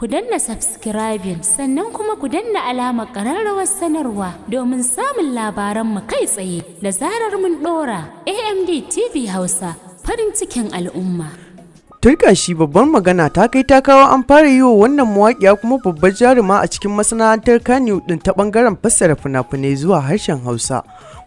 ku danna subscribing sannan kuma ku danna alamar ƙararrawar sanarwa domin samun labaran mu kai tsaye da zarar mun ɗora AMD TV Hausa farin cikin al'umma. tun kashi babbar magana ta kai ta kawo an fara yi wa wannan mawaƙiya kuma babbar jaruma a cikin masana'antar Kano ɗin ta ɓangaren fassara fina-finai zuwa harshen Hausa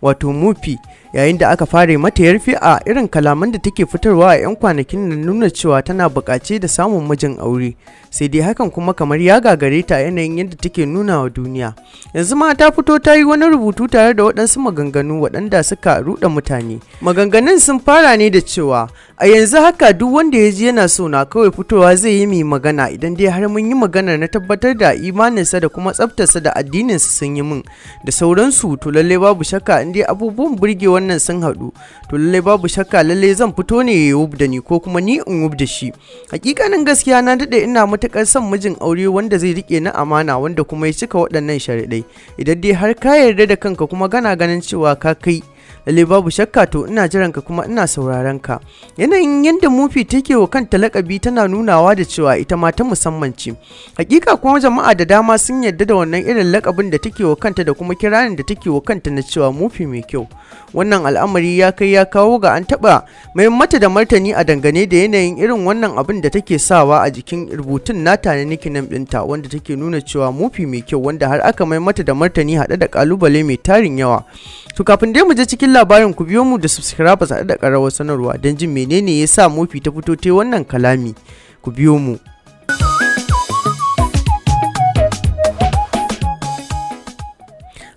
wato mufi yayin da aka fara mata yarfi a irin kalaman da take fitarwa a 'yan kwanakin na nuna cewa tana buƙace da samun mijin aure sai dai hakan kuma kamar ya gagare ta yanayin yadda take nuna wa duniya yanzu ma ta fito ta yi wani rubutu tare da waɗansu maganganu waɗanda suka ruɗa mutane maganganun sun fara ne da cewa a yanzu haka duk wanda ya ji yana so na kawai fitowa zai yi mai magana idan dai har mun yi magana na tabbatar da imaninsa da kuma tsaftarsa da addininsa sun yi min da sauransu to lallai babu shakka in dai abubuwan burgewa wannan sun haɗu to lallai babu shakka lallai zan fito ne ya wub da ni ko kuma ni in wub da shi hakikanin gaskiya na daɗe ina matuƙar son mijin aure wanda zai rike na amana wanda kuma ya cika waɗannan sharaɗai idan dai har ka yarda da kanka kuma gana ganin cewa ka kai lalle babu shakka to ina jiran ka kuma ina sauraron ka yanayin yadda mufi take wa kanta lakabi tana nunawa da cewa ita ma ta musamman ce hakika kuma jama'a da dama sun yarda da wannan irin lakabin da take wa kanta da kuma kiranin da take wa kanta na cewa mufi mai kyau wannan al'amari ya kai ya kawo ga an taba mai mata da martani a dangane da yanayin irin wannan abin da take sawa a jikin rubutun nata na nickname ɗinta wanda take nuna cewa mufi mai kyau wanda har aka mai mata da martani haɗe da kalubale mai tarin yawa to kafin dai mu je cikin labarin ku biyo mu da subscribe a da ƙarawar sanarwa don jin menene ya sa mofi ta fito te wannan kalami ku biyo mu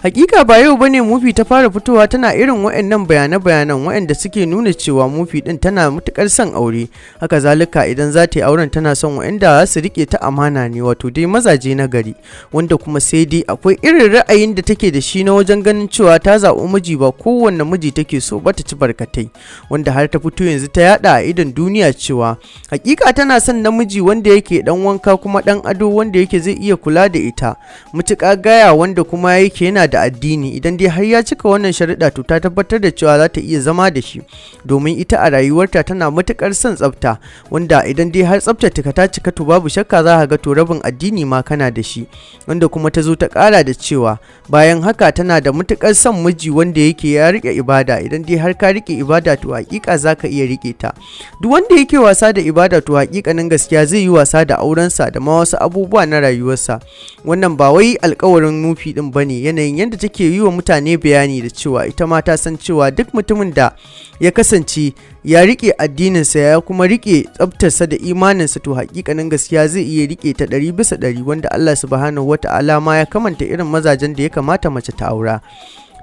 Hakika ba yau bane mufi ta fara fitowa tana irin wa'annan bayana bayanan wa'anda suke nuna cewa mufi din tana matuƙar son aure. Haka zalika idan za ta yi auren tana son wa'anda za su riƙe ta amana ne wato dai mazaje na gari wanda kuma sai dai akwai irin ra'ayin da take da shi na wajen ganin cewa ta zaɓi miji ba kowanne miji take so ba ta ci barkatai wanda har ta fito yanzu ta yada a idon duniya cewa hakika tana son namiji wanda yake dan wanka kuma dan ado wanda yake zai iya kula da ita mutuka gaya wanda kuma yake yana da addini idan dai har ya cika wannan sharuɗa to ta tabbatar da cewa za ta iya zama da shi domin ita a rayuwarta tana matukar son tsafta wanda idan dai har tsafta ta ta cika to babu shakka za ka ga to rabin addini ma kana da shi wanda kuma ta zo ta ƙara da cewa bayan haka tana da matukar son miji wanda yake ya riƙe ibada idan dai har ka riƙe ibada to haƙiƙa za ka iya riƙe ta duk wanda yake wasa da ibada to nan gaskiya zai yi wasa da aurensa da ma wasu abubuwa na rayuwarsa wannan ba wai alƙawarin nufi ɗin bane yanayin yadda take yi wa mutane bayani da cewa ita ma ta san cewa duk mutumin da ya kasance ya rike addininsa ya kuma rike tsabtarsa da imaninsa to hakikanin gaskiya zai iya rike ta ɗari bisa ɗari wanda Allah subhanahu wata'ala ma ya kamanta irin mazajen da ya kamata mace ta aura.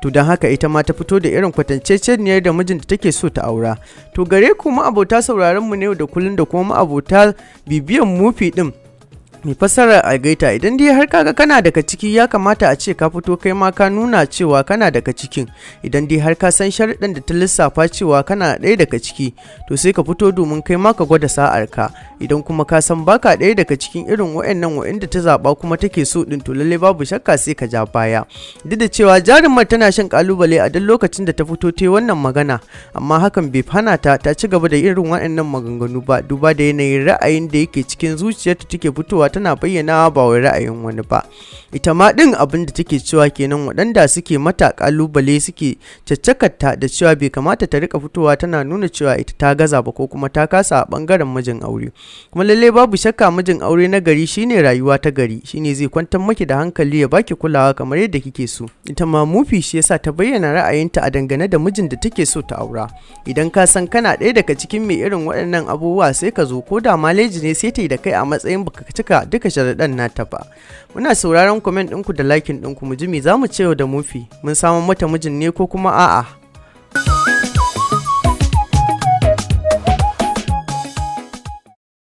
to don haka ita ma ta fito da irin kwatanceceniyar da mijinta take so ta aura to gare ku ma'abota sauraron mu ne da kullun da kuma ma'abota bibiyan mufi din mai a gaita, idan dai har kaga kana daga ciki ya kamata a ce ka fito kai ma ka nuna cewa kana daga cikin idan dai har ka san sharɗin da ta lissafa cewa kana ɗaya daga ciki to sai ka fito domin kai ma ka gwada sa'ar ka idan kuma ka san baka ɗaya daga cikin irin wa'annan da ta zaɓa kuma take so ɗin to lallai babu shakka sai ka ja baya duk da cewa jarumar tana shan kalubale a duk lokacin da ta fito ta wannan magana amma hakan bai hana ta ta ci gaba da irin wa'annan maganganu ba duba da yanayin ra'ayin da yake cikin zuciyarta take fitowa tana bayyana ba wai ra'ayin wani ba ita ma din abin da take cewa kenan waɗanda suke mata kalubale suke caccakata da cewa bai kamata ta rika fitowa tana nuna cewa ita ta gaza ba ko kuma ta kasa a bangaren mijin aure kuma lalle babu shakka mijin aure na gari shine rayuwa ta gari shine zai kwantar maki da hankali ya baki kulawa kamar yadda kike so ita ma mufi shi yasa ta bayyana ra'ayinta a dangane da mijin da take so ta aura idan ka san kana ɗaya daga cikin mai irin waɗannan abubuwa sai ka zo ko da maleji ne sai ta yi da kai a matsayin baka cika duka sharaɗan na tafa muna sauraron comment ɗinku da likin ɗinku mu ji me za mu ce da mufi mun samu mata mijin ne ko kuma a'a